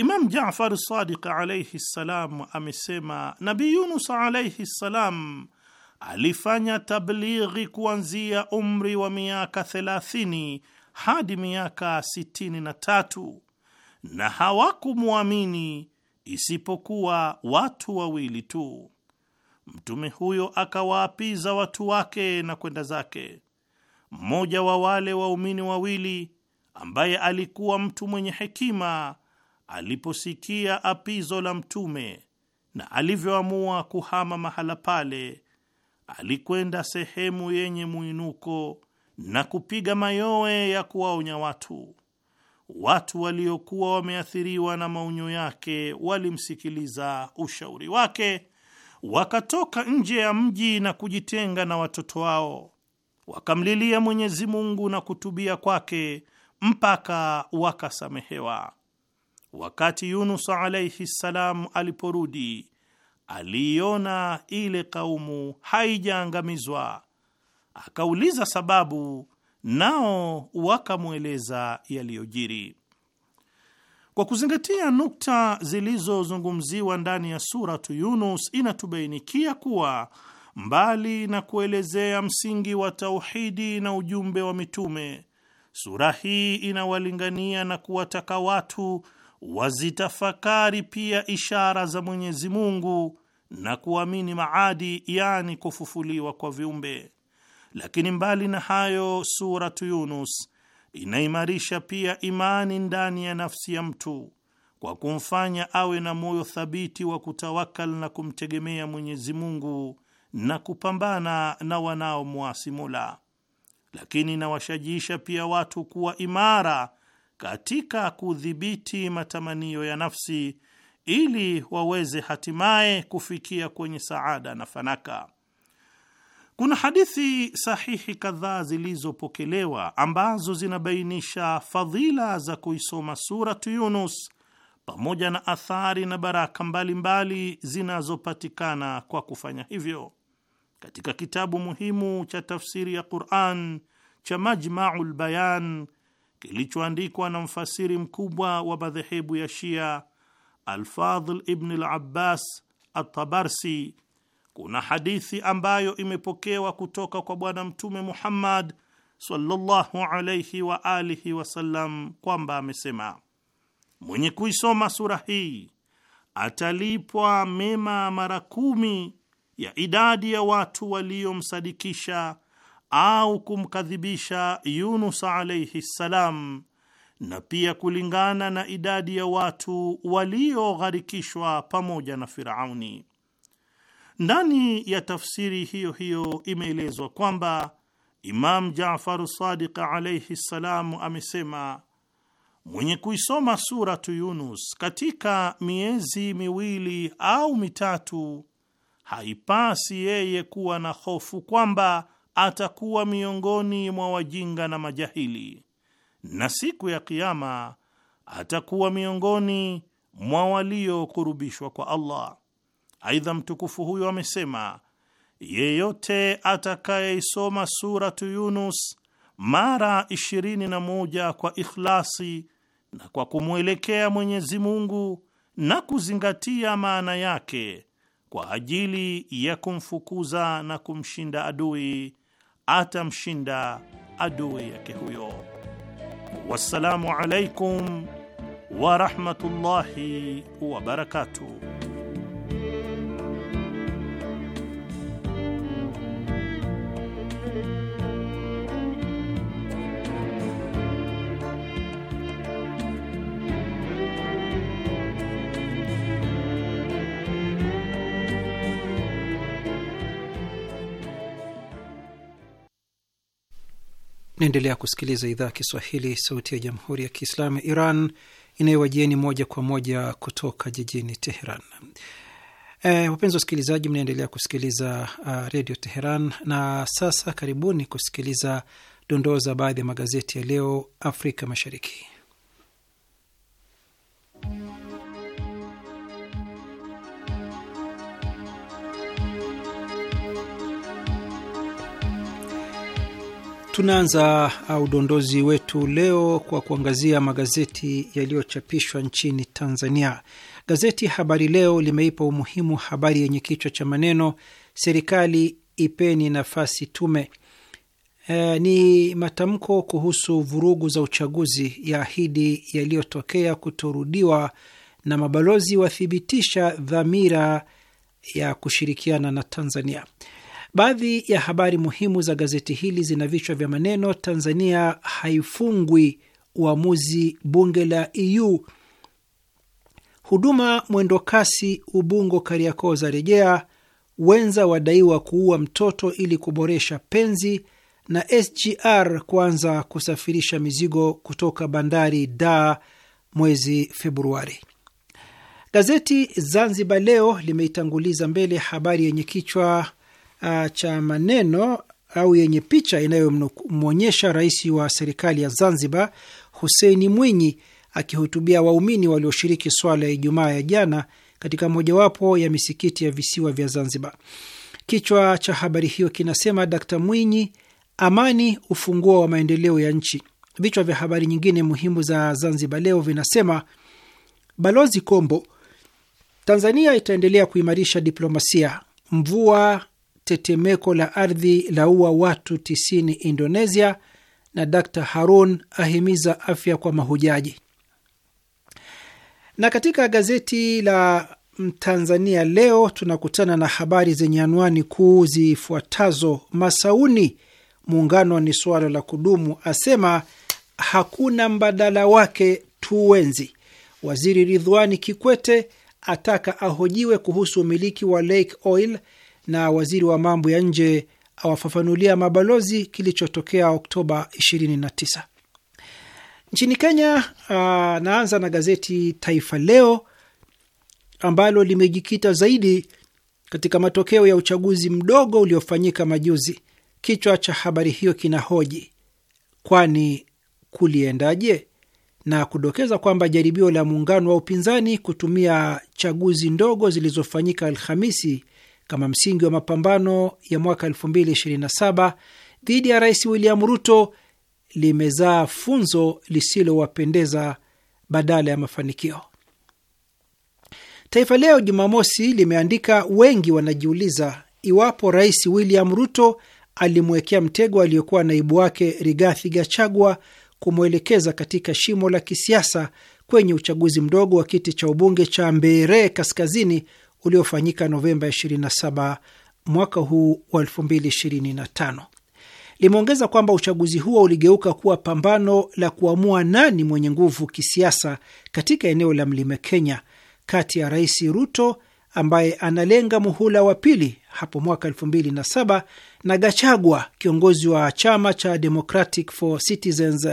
Imam Jafar Sadiq alaihi ssalam amesema Nabi Yunus alaihi ssalam alifanya tablighi kuanzia umri wa miaka 30 hadi miaka 63 na hawakumwamini isipokuwa watu wawili tu. Mtume huyo akawaapiza watu wake na kwenda zake. Mmoja wa wale waumini wawili ambaye alikuwa mtu mwenye hekima aliposikia apizo la Mtume na alivyoamua kuhama mahala pale, alikwenda sehemu yenye mwinuko na kupiga mayowe ya kuwaonya watu. Watu waliokuwa wameathiriwa na maonyo yake walimsikiliza ushauri wake, wakatoka nje ya mji na kujitenga na watoto wao, wakamlilia Mwenyezi Mungu na kutubia kwake mpaka wakasamehewa. Wakati Yunus alaihi ssalam aliporudi, aliiona ile kaumu haijaangamizwa, akauliza sababu, nao wakamweleza yaliyojiri. Kwa kuzingatia nukta zilizozungumziwa ndani ya suratu Yunus, inatubainikia kuwa mbali na kuelezea msingi wa tauhidi na ujumbe wa mitume, sura hii inawalingania na kuwataka watu wazitafakari pia ishara za Mwenyezi Mungu na kuamini maadi, yani kufufuliwa kwa viumbe. Lakini mbali na hayo, Suratu Yunus inaimarisha pia imani ndani ya nafsi ya mtu kwa kumfanya awe na moyo thabiti wa kutawakal na kumtegemea Mwenyezi Mungu na kupambana na wanaomwasi Mola, lakini inawashajiisha pia watu kuwa imara katika kudhibiti matamanio ya nafsi ili waweze hatimaye kufikia kwenye saada na fanaka. Kuna hadithi sahihi kadhaa zilizopokelewa ambazo zinabainisha fadhila za kuisoma Suratu Yunus pamoja na athari na baraka mbalimbali zinazopatikana kwa kufanya hivyo. Katika kitabu muhimu cha tafsiri ya Quran cha Majmaul Bayan kilichoandikwa na mfasiri mkubwa wa madhehebu ya Shia Alfadhl ibn Labbas Atabarsi, kuna hadithi ambayo imepokewa kutoka kwa Bwana Mtume Muhammad sallallahu alayhi wa alihi wasallam kwamba amesema, mwenye kuisoma sura hii atalipwa mema mara kumi ya idadi ya watu waliomsadikisha au kumkadhibisha Yunus alayhi ssalam, na pia kulingana na idadi ya watu waliogharikishwa pamoja na Firauni. Ndani ya tafsiri hiyo hiyo imeelezwa kwamba Imam Jafaru Sadiq alayhi ssalam amesema mwenye kuisoma Suratu Yunus katika miezi miwili au mitatu haipasi yeye kuwa na hofu kwamba atakuwa miongoni mwa wajinga na majahili, na siku ya Kiama atakuwa miongoni mwa waliokurubishwa kwa Allah. Aidha, mtukufu huyo amesema, yeyote atakayeisoma Suratu Yunus mara 21 kwa ikhlasi na kwa kumwelekea Mwenyezi Mungu na kuzingatia maana yake kwa ajili ya kumfukuza na kumshinda adui atamshinda adui yake huyo. Wassalamu alaikum warahmatullahi wabarakatuh. Naendelea kusikiliza idhaa ya Kiswahili, sauti ya jamhuri ya kiislamu ya Iran inayowajieni moja kwa moja kutoka jijini Teheran. E, wapenzi wasikilizaji, mnaendelea kusikiliza uh, redio Teheran na sasa karibuni kusikiliza dondoo za baadhi ya magazeti ya leo Afrika Mashariki. Tunaanza uh, udondozi wetu leo kwa kuangazia magazeti yaliyochapishwa nchini Tanzania. Gazeti Habari Leo limeipa umuhimu habari yenye kichwa cha maneno serikali ipeni nafasi tume. E, ni matamko kuhusu vurugu za uchaguzi ya ahidi yaliyotokea kutorudiwa na mabalozi wathibitisha dhamira ya kushirikiana na Tanzania. Baadhi ya habari muhimu za gazeti hili zina vichwa vya maneno: Tanzania haifungwi uamuzi bunge la EU, huduma mwendokasi Ubungo Kariakoo za rejea, wenza wadaiwa kuua mtoto ili kuboresha penzi, na SGR kuanza kusafirisha mizigo kutoka bandari da mwezi Februari. Gazeti Zanzibar Leo limeitanguliza mbele habari yenye kichwa uh, cha maneno au yenye picha inayomwonyesha rais wa serikali ya Zanzibar Huseini Mwinyi akihutubia waumini walioshiriki swala ya Ijumaa ya jana katika mojawapo ya misikiti ya visiwa vya Zanzibar. Kichwa cha habari hiyo kinasema Dkt Mwinyi, amani ufunguo wa maendeleo ya nchi. Vichwa vya habari nyingine muhimu za Zanzibar leo vinasema: Balozi Kombo, Tanzania itaendelea kuimarisha diplomasia. Mvua tetemeko la ardhi la ua watu 90 Indonesia, na Dr Harun ahimiza afya kwa mahujaji. Na katika gazeti la Tanzania Leo tunakutana na habari zenye anwani kuu zifuatazo: Masauni, muungano ni suala la kudumu, asema hakuna mbadala wake, tuwenzi. Waziri Ridhwani Kikwete ataka ahojiwe kuhusu umiliki wa Lake Oil na waziri wa mambo ya nje awafafanulia mabalozi kilichotokea Oktoba 29. Nchini Kenya, uh, naanza na gazeti Taifa Leo ambalo limejikita zaidi katika matokeo ya uchaguzi mdogo uliofanyika majuzi. Kichwa cha habari hiyo kinahoji kwani kuliendaje, na kudokeza kwamba jaribio la muungano wa upinzani kutumia chaguzi ndogo zilizofanyika Alhamisi kama msingi wa mapambano ya mwaka 2027 dhidi ya Rais William Ruto limezaa funzo lisilowapendeza badala ya mafanikio. Taifa Leo Jumamosi limeandika, wengi wanajiuliza iwapo Rais William Ruto alimwekea mtego aliyokuwa naibu wake Rigathi Gachagua kumwelekeza katika shimo la kisiasa kwenye uchaguzi mdogo wa kiti cha ubunge cha Mbeere Kaskazini uliofanyika Novemba 27 mwaka huu wa 2025. Limeongeza kwamba uchaguzi huo uligeuka kuwa pambano la kuamua nani mwenye nguvu kisiasa katika eneo la mlima Kenya, kati ya Rais Ruto ambaye analenga muhula wa pili hapo mwaka 2007 na Gachagua, kiongozi wa chama cha Democratic for Citizens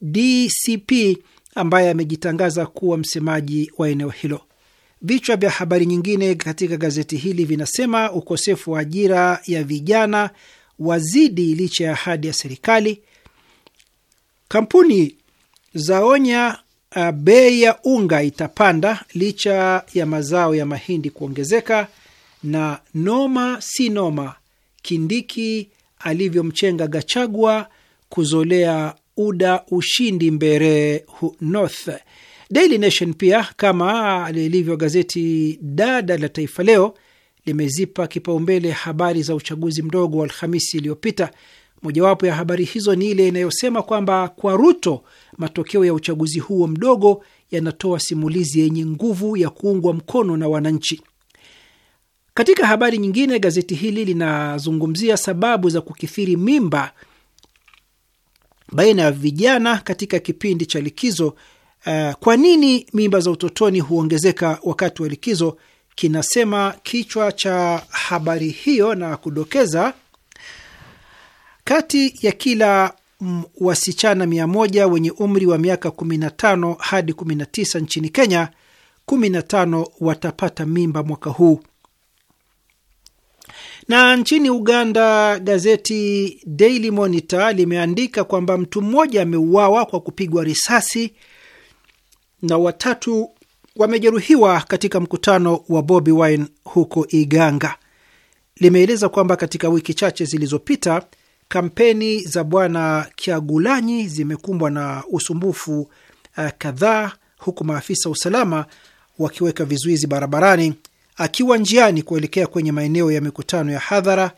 DCP, ambaye amejitangaza kuwa msemaji wa eneo hilo. Vichwa vya habari nyingine katika gazeti hili vinasema: ukosefu wa ajira ya vijana wazidi licha ya ahadi ya serikali, kampuni zaonya uh, bei ya unga itapanda licha ya mazao ya mahindi kuongezeka, na noma si noma, Kindiki alivyomchenga Gachagua kuzolea UDA ushindi mbere North. Daily Nation pia kama lilivyo gazeti dada la Taifa Leo limezipa kipaumbele habari za uchaguzi mdogo wa Alhamisi iliyopita. Mojawapo ya habari hizo ni ile inayosema kwamba kwa Ruto, matokeo ya uchaguzi huo mdogo yanatoa simulizi yenye nguvu ya kuungwa mkono na wananchi. Katika habari nyingine, gazeti hili linazungumzia sababu za kukithiri mimba baina ya vijana katika kipindi cha likizo Eh, kwa nini mimba za utotoni huongezeka wakati wa likizo? Kinasema kichwa cha habari hiyo na kudokeza, kati ya kila wasichana mia moja wenye umri wa miaka 15 hadi 19 nchini Kenya, 15 watapata mimba mwaka huu. Na nchini Uganda, gazeti Daily Monitor limeandika kwamba mtu mmoja ameuawa kwa kupigwa risasi na watatu wamejeruhiwa katika mkutano wa Bobi Wine huko Iganga. Limeeleza kwamba katika wiki chache zilizopita kampeni za Bwana Kyagulanyi zimekumbwa na usumbufu uh, kadhaa, huku maafisa usalama wakiweka vizuizi barabarani akiwa njiani kuelekea kwenye maeneo ya mikutano ya hadhara,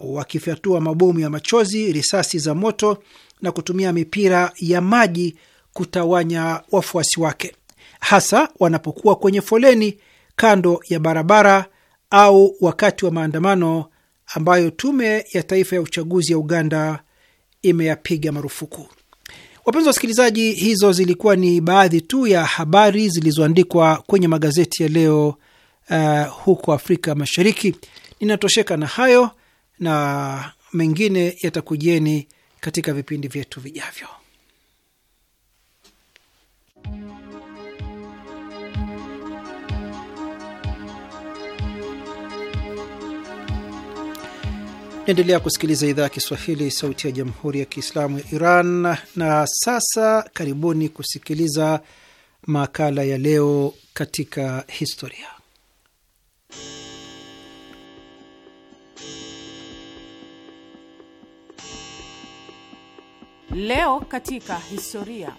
wakifyatua mabomu ya machozi, risasi za moto na kutumia mipira ya maji kutawanya wafuasi wake, hasa wanapokuwa kwenye foleni kando ya barabara au wakati wa maandamano ambayo Tume ya Taifa ya Uchaguzi ya Uganda imeyapiga marufuku. Wapenzi wasikilizaji, hizo zilikuwa ni baadhi tu ya habari zilizoandikwa kwenye magazeti ya leo uh, huko Afrika Mashariki. Ninatosheka na hayo na mengine yatakujieni katika vipindi vyetu vijavyo. Naendelea kusikiliza idhaa ya Kiswahili, sauti ya jamhuri ya kiislamu ya Iran. Na sasa karibuni kusikiliza makala ya leo katika historia. Leo katika historia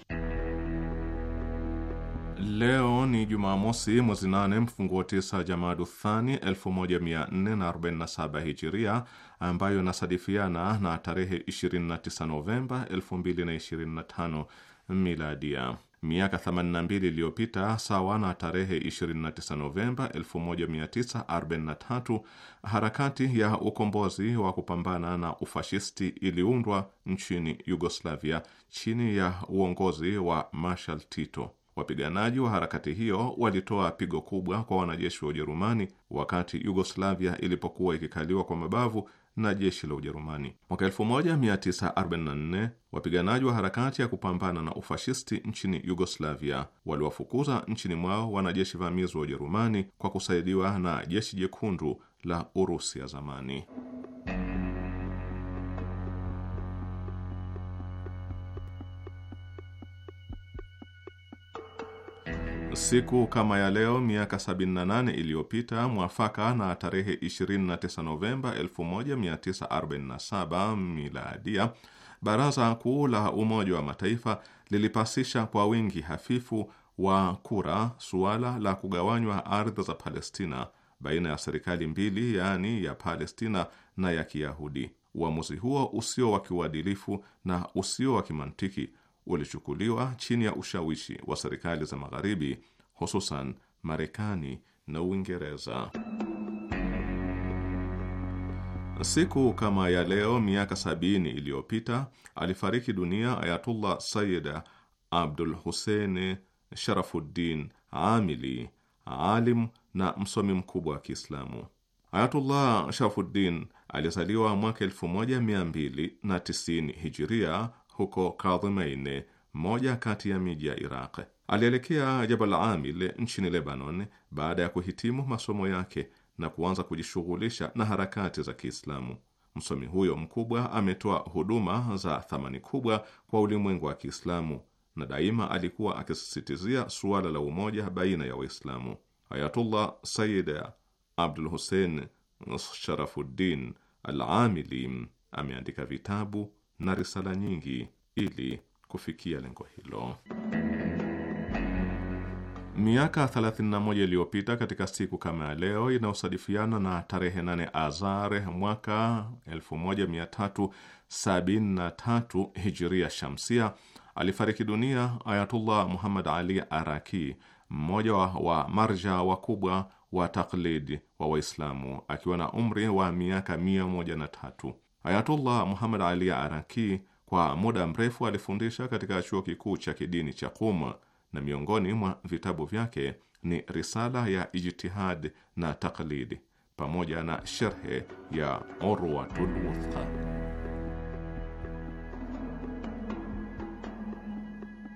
Leo ni Jumamosi, mwezi nane mfunguo tisa Jamadu Thani 1447 Hijiria, ambayo inasadifiana na tarehe 29 Novemba 2025 Miladia. Miaka 82 iliyopita, sawa na tarehe 29 Novemba 1943, harakati ya ukombozi wa kupambana na ufashisti iliundwa nchini Yugoslavia chini ya uongozi wa Marshal Tito. Wapiganaji wa harakati hiyo walitoa pigo kubwa kwa wanajeshi wa Ujerumani wakati Yugoslavia ilipokuwa ikikaliwa kwa mabavu na jeshi la Ujerumani. Mwaka 1944 wapiganaji wa harakati ya kupambana na ufashisti nchini Yugoslavia waliwafukuza nchini mwao wanajeshi vamizi wa Ujerumani kwa kusaidiwa na jeshi jekundu la Urusi ya zamani. siku kama ya leo miaka 78 iliyopita mwafaka na tarehe 29 Novemba 1947 miladia, Baraza Kuu la Umoja wa Mataifa lilipasisha kwa wingi hafifu wa kura suala la kugawanywa ardhi za Palestina baina ya serikali mbili, yaani ya Palestina na ya Kiyahudi. Uamuzi huo usio wa kiuadilifu na usio wa kimantiki ulichukuliwa chini ya ushawishi wa serikali za Magharibi, hususan Marekani na Uingereza. Siku kama ya leo miaka sabini iliyopita alifariki dunia Ayatullah Sayyid Abdul Hussein Sharafuddin Amili, alim na msomi mkubwa wa Kiislamu. Ayatullah Sharafuddin alizaliwa mwaka 1290 Hijiria huko Kadhimain, moja kati ya miji ya Iraq. Alielekea Jabal Amil nchini Lebanon baada ya kuhitimu masomo yake na kuanza kujishughulisha na harakati za Kiislamu. Msomi huyo mkubwa ametoa huduma za thamani kubwa kwa ulimwengu wa Kiislamu na daima alikuwa akisisitizia suala la umoja baina ya Waislamu. Ayatullah Sayyid Abdul Hussein Sharafuddin Al-Amili ameandika vitabu na risala nyingi ili kufikia lengo hilo. Miaka 31 iliyopita katika siku kama ya leo inayosadifiana na tarehe 8 Azar mwaka 1373 Hijiria Shamsia, alifariki dunia Ayatullah Muhammad Ali Araki, mmoja wa, wa marja wakubwa wa taklidi wa Waislamu akiwa na umri wa miaka 103. Ayatullah Muhammad Ali Araki kwa muda mrefu alifundisha katika chuo kikuu cha kidini cha Qum na miongoni mwa vitabu vyake ni risala ya Ijtihad na Taklidi pamoja na sherhe ya Urwatul Wuthqa.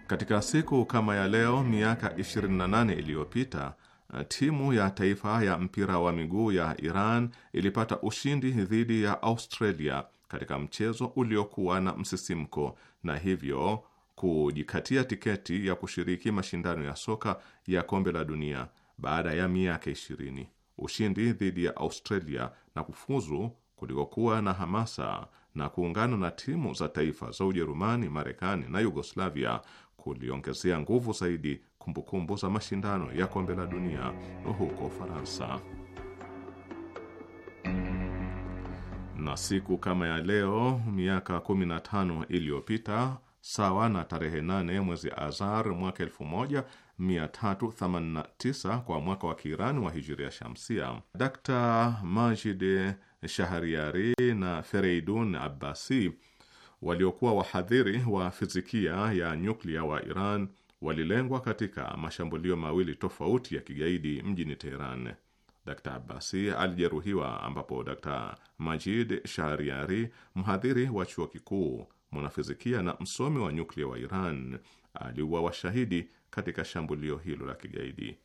Katika siku kama ya leo miaka 28 iliyopita Eh, timu ya taifa ya mpira wa miguu ya Iran ilipata ushindi dhidi ya Australia katika mchezo uliokuwa na msisimko na hivyo kujikatia tiketi ya kushiriki mashindano ya soka ya kombe la dunia baada ya miaka ishirini. Ushindi dhidi ya Australia na kufuzu kulikokuwa na hamasa na kuungana na timu za taifa za Ujerumani, Marekani na Yugoslavia kuliongezea nguvu zaidi kumbukumbu za mashindano ya kombe la dunia huko Ufaransa. Na siku kama ya leo miaka 15 iliyopita sawa na tarehe 8 mwezi Azar mwaka 1389 kwa mwaka wa Kiirani wa hijiria shamsia, Dr. Majid Shahriari na Fereidun Abbasi waliokuwa wahadhiri wa fizikia ya nyuklia wa Iran walilengwa katika mashambulio mawili tofauti ya kigaidi mjini Teheran. Dkt Abbasi alijeruhiwa, ambapo Dkt Majid Shahriari, mhadhiri wa chuo kikuu, mwanafizikia na msomi wa nyuklia wa Iran, aliuwa washahidi katika shambulio hilo la kigaidi.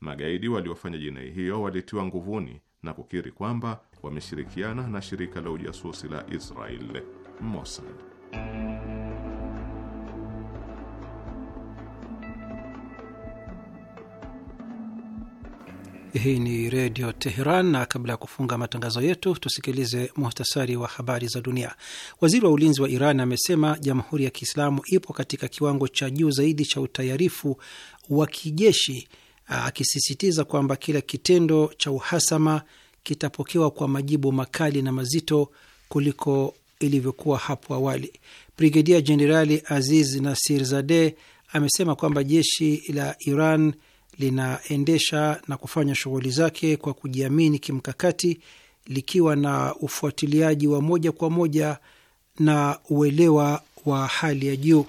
Magaidi waliofanya jinai hiyo walitiwa nguvuni na kukiri kwamba wameshirikiana na shirika la ujasusi la Israel, Mossad. Hii ni Redio Teheran, na kabla ya kufunga matangazo yetu tusikilize muhtasari wa habari za dunia. Waziri wa ulinzi wa Iran amesema Jamhuri ya Kiislamu ipo katika kiwango cha juu zaidi cha utayarifu wa kijeshi, akisisitiza kwamba kila kitendo cha uhasama kitapokewa kwa majibu makali na mazito kuliko ilivyokuwa hapo awali. Brigedia Jenerali Aziz Nasir Zadeh amesema kwamba jeshi la Iran linaendesha na kufanya shughuli zake kwa kujiamini kimkakati, likiwa na ufuatiliaji wa moja kwa moja na uelewa wa hali ya juu.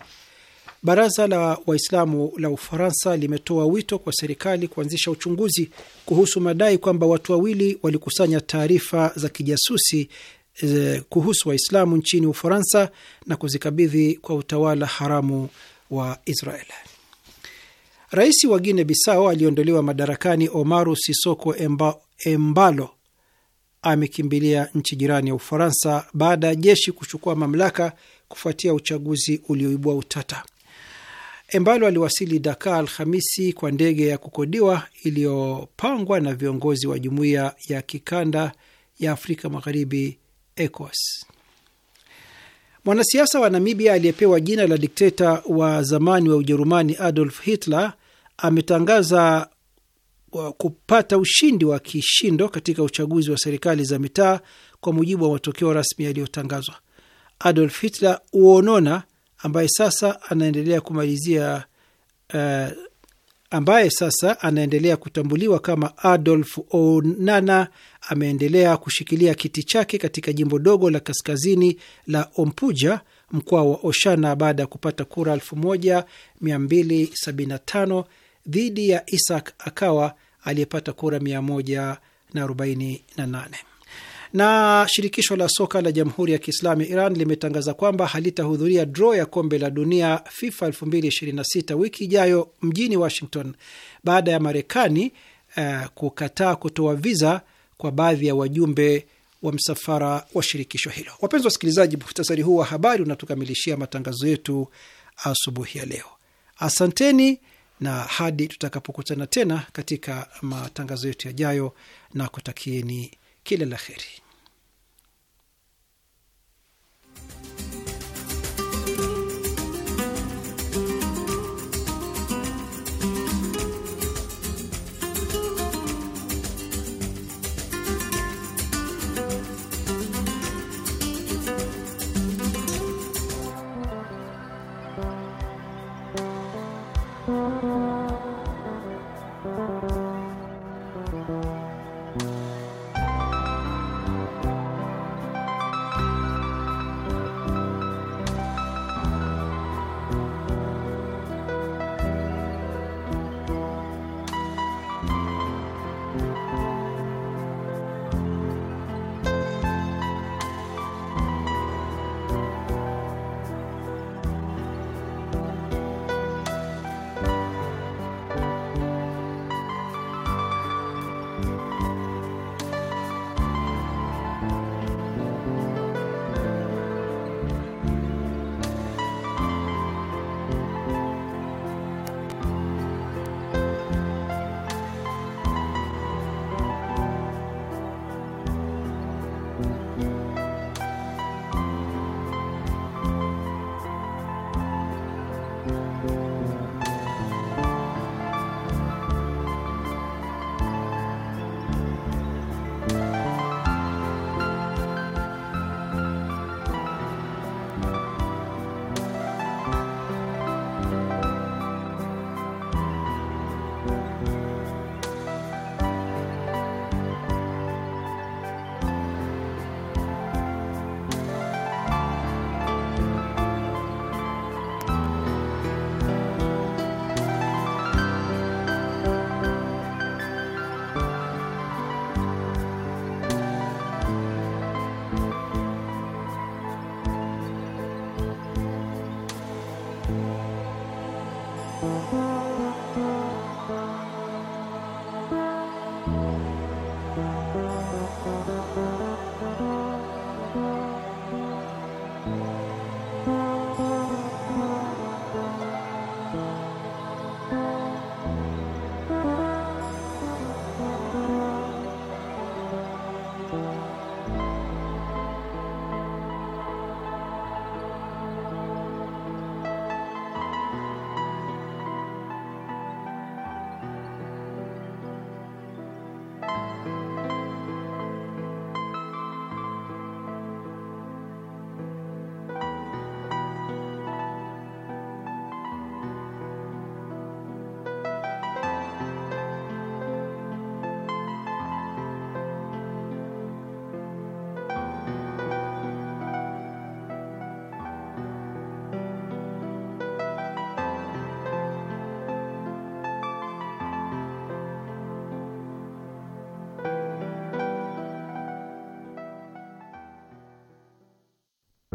Baraza la Waislamu la Ufaransa limetoa wito kwa serikali kuanzisha uchunguzi kuhusu madai kwamba watu wawili walikusanya taarifa za kijasusi eh, kuhusu Waislamu nchini Ufaransa na kuzikabidhi kwa utawala haramu wa Israel. Rais wa Guine Bisao aliyeondolewa madarakani Omaru Sisoko Emba, Embalo amekimbilia nchi jirani ya Ufaransa baada ya jeshi kuchukua mamlaka kufuatia uchaguzi ulioibua utata. Embalo aliwasili Daka Alhamisi kwa ndege ya kukodiwa iliyopangwa na viongozi wa jumuiya ya kikanda ya Afrika Magharibi, ECOWAS. Mwanasiasa wa Namibia aliyepewa jina la dikteta wa zamani wa Ujerumani Adolf Hitler ametangaza uh, kupata ushindi wa kishindo katika uchaguzi wa serikali za mitaa kwa mujibu wa matokeo rasmi yaliyotangazwa. Adolf Hitler Uonona, ambaye sasa anaendelea kumalizia uh, ambaye sasa anaendelea kutambuliwa kama Adolf Onana ameendelea kushikilia kiti chake katika jimbo dogo la kaskazini la Ompuja, mkoa wa Oshana, baada ya kupata kura 1275 dhidi ya Isak Akawa aliyepata kura 148 na, na shirikisho la soka la Jamhuri ya Kiislamu ya Iran limetangaza kwamba halitahudhuria dro ya kombe la dunia FIFA 2026 wiki ijayo mjini Washington baada ya Marekani uh, kukataa kutoa viza kwa baadhi ya wajumbe wa msafara wa shirikisho hilo. Wapenzi wasikilizaji, muhtasari huu wa habari unatukamilishia matangazo yetu asubuhi ya leo. Asanteni na hadi tutakapokutana tena katika matangazo yetu yajayo, na kutakieni kila la heri.